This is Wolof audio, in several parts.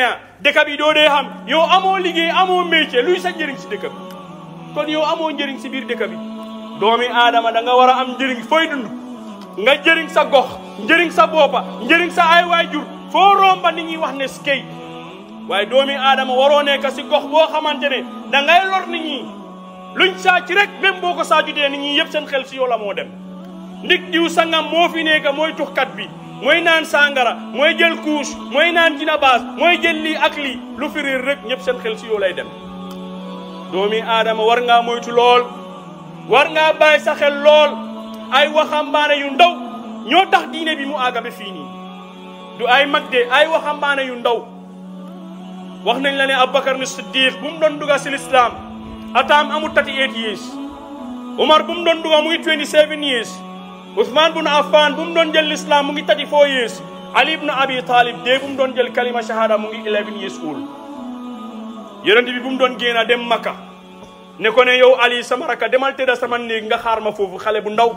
Ah, dëkk bi doo dee xam yow amoo liggéey amoo métier luy sa njëriñ si dëkk bi kon yow amoo njëriñ si biir dëkk bi doomi aadama da nga war a am njëriñ fooy dund nga njëriñ sa gox njëriñ sa boppa njëriñ sa ay waajur foo romba ni ñuy wax ne skey waaye doomi aadama waroo nekk si gox boo xamante ne da ngay lor nit ñi luñ sàcc rek même boo ko sàccutee ni ñi yëpp seen xel si yow la moo dem ndig diw sa moo fi nekk mooy tuxkat bi mooy naan sàngara mooy jël couche mooy naan dina mooy jël lii ak lii lu fi réer rek ñëpp si yow lay dem doomi aadama war ngaa moytu lool war ngaa bàyyi sa lool ay waxambaane yu ndaw ñoo tax diine bi mu àgga ba fii nii du ay mag de ay waxambaane yu ndaw wax nañ la ne Abubakar ni Siddiq bu mu doon si lislaam ataam amul 38 years Umar bu mu doon years Ousmane bun Affan bu mu doon jël l'islam mu ngi tati foo years Ali ibn Abi Talib dee bu mu doon jël kalima shahada mu ngi eleven years old yonent bu mu doon génn dem Makka ne ko ne yow Ali sama raka demal tëdda sama néeg nga xaar ma foofu xale bu ndaw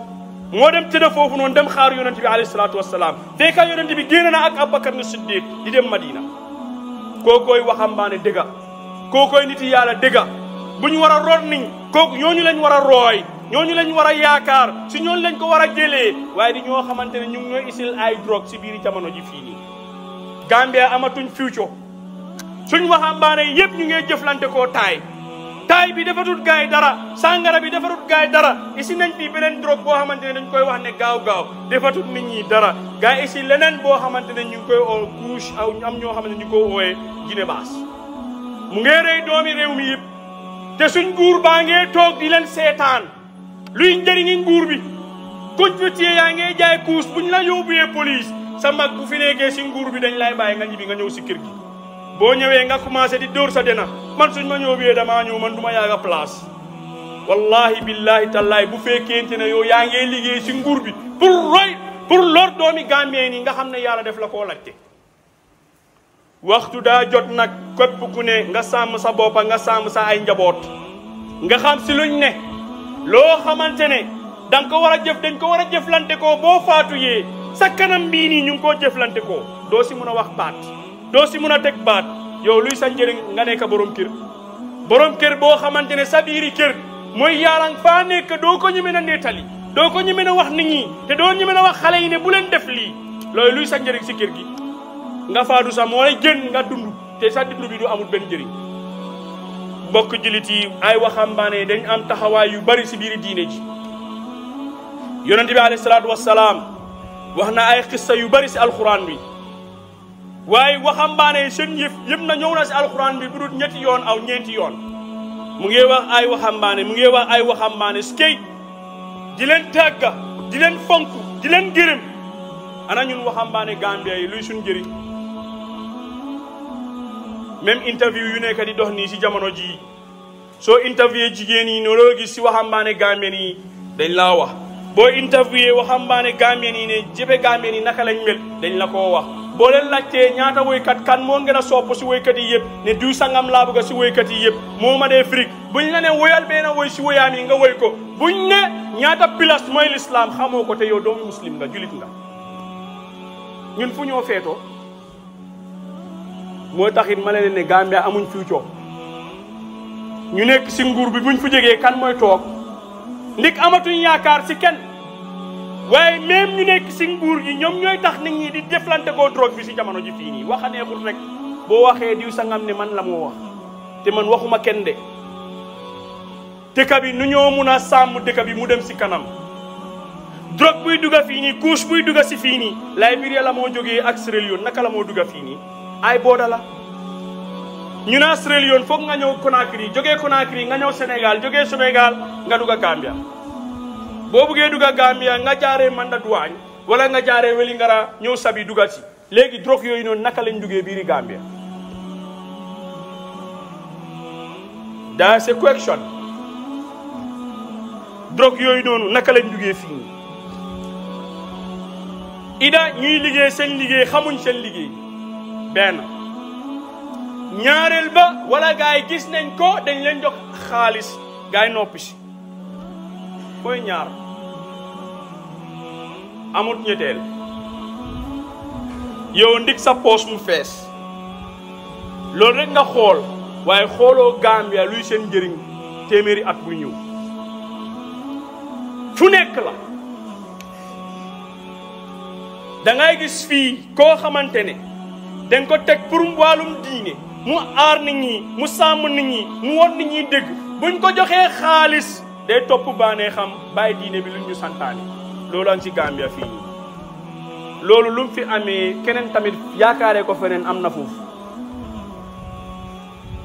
moo dem tëdda foofu noon dem xaar yonent bi alayhi salaatu wassalaam fekka yonent bi génn na ak Abubakar ne Siddiq di dem Madina kookooy waxambaane dëgga kookooy niti yàlla dëgga bu ñu war a root niñ kooku ñooñu lañ war a rooy ñooñu lañ war a yaakaar si ñooñu lañ ko war a jëlee waaye di ñoo xamante ne ñu ngi ñooy isil ay drogue si biir jamono ji fii nii Gambia amatuñ future suñ waxambaane yëpp ñu ngey jëflante koo taay taay bi defatut gaay dara sàngara bi defatut gaay dara isi nañ fii beneen drogue boo xamante ne dañ koy wax ne gaaw gaaw defatut nit ñi dara gaay isi leneen boo xamante ne ñu ngi koy oo couche aw am ñoo xamante ne ñu koy ooyee gine baas mu ngee doomi réew mi yëpp te suñ nguur baa ngee toog di leen seetaan luy njëriñi nguur bi confétier yaa ngee jaay kuus ñu la yóbbuwee police sa mag bu fi nekkee si nguur bi dañ lay bàyyi nga ñibbi nga ñëw si kër gi boo ñëwee nga commencé di dóor sa dena man suñ ma ñëwee damaa ñëw man du ma yaaga place wallahi billahi tallahi bu fekkente ne yow yaa ngee liggéey si nguur bi pour roy pour lor doomi gambee nii nga xam ne yàlla def la koo lajte waxtu daa jot nag képp ku ne nga sàmm sa boppa nga sàmm sa ay njaboot nga loo xamante ne da war a jëf dañ ko war a jëflante ko boo faatuyee yee sa kanam bii nii ñu ngi koo jëflante ko doo si mun a wax baat doo si mun a teg baat yow luy sa njëriñ nga nekk borom kër borom kër boo xamante ne sa biiri kër mooy yaalang faa nekk doo ko ñu mën a nettali doo ko ñu mën a wax nit ñi te doo ñu mën a wax xale yi ne bu leen def luy sa njëriñ si kër gi nga faatu sa mooy gën nga dund te sa dund bi du amul benn jëriñ bokk jullit yi ay waxambaane dañ am taxawaay yu bari ci biir diine ji yonente bi alayhi salaatu wassalaam wax na ay xissa yu bari si alxuraan bi waaye waxambaane yi seen yëf yëpp na ñëw na si alxuraan bi bu dul ñetti yoon aw ñeenti yoon mu ngi wax ay waxambaane mu ngi wax ay waxambaane skey di leen tàgga di leen fonk di leen gërëm ana ñun waxambaane Gambia yi luy suñ même interview yu nekk di dox nii si jamono ji soo interviewé jigéen yi ne loo gis si waxambaane gambien yi dañ laa wax boo interviewé waxambaan gambien yi ne jëbe gambien yi naka lañ mel dañ la koo wax boo leen laajtee ñaata woykat kan moo gën a sopp si woykat yi yëpp ne diw sangam laa bëgg si woykat yi yëpp moo ma dee frig buñ la ne woyal benn woy si woyaam yi nga woy ko buñ ne ñaata pilas moy lislaam xamoo ko te yow doomu muslim nga julit nga ñun fu ñoo feetoo moo taxit ma leen ne Gambia amuñ future ñu nekk si nguur bi buñ fu jógee kan mooy toog ndik amatuñ yaakaar si kenn waaye même ñu nekk si nguur gi ñoom ñooy tax nit ñi di deflante koo drogue bi si jamono ji fii nii waxaneexul rek boo waxee diw sangam ne man la moo wax te man waxuma kenn de dëkk bi nu ñoo mun a sàmm dëkk bi mu dem si kanam drogue buy dugga fii nii couche buy dugga si fii nii Liberia la moo jógee ak Sierra Leone naka la moo dugga fii ay boodala la ñu ne Australie foog nga ñëw Conakry jógee Conakry nga ñëw Sénégal jóge Sénégal nga dugg a Gambia boo buggee dugg a Gambia nga jaaree Mandatoulagne wala nga jaaree Welingara ñëw sabi dugga léegi drogue yooyu noonu naka lañ duggee biiri yooyu noonu naka lañ duggee fii ida ñuy liggéey seen liggéey xamuñ seen liggéey benn ñaareel ba wala gars yi gis nañ ko dañ leen jox xaalis gars yi noppi si mooy ñaar amut ñetteel yow ndig sa poos mu fees loolu rek nga xool waaye xooloo Gambia luy seen njëriñ téeméeri at bu ñëw fu nekk la da ngay gis fii koo xamante ne dañ ko teg pour wàllum diine mu aar nit ñi mu sàmm nit ñi mu won nit ñi dégg buñ ko joxee xaalis day topp baanee xam bàyyi diine bi lu ñu santaane loolu am ci Gambia fii loolu lu mu fi amee keneen tamit yaakaaree ko feneen am na foofu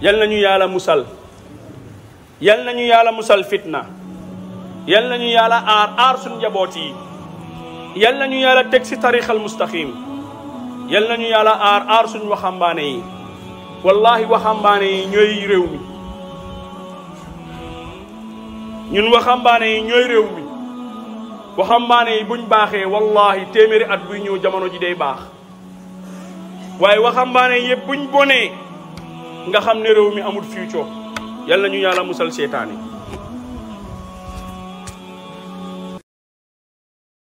yal nañu yàlla musal yal nañu yàlla musal fitna yal nañu yàlla aar aar suñu njaboot yi yal nañu yàlla teg ci tarixal mustaqim yal nañu yàlla aar aar suñ waxambaane yi wallahi waxambaane yi ñooy réew ñun waxambaane yi ñooy réew mi waxambaane yi buñ baaxee wallahi téeméeri at buy ñëw jamono ji day baax waaye waxambaane yëpp buñ bonee nga xam ne réew mi amul future yal nañu yàlla musal seetaane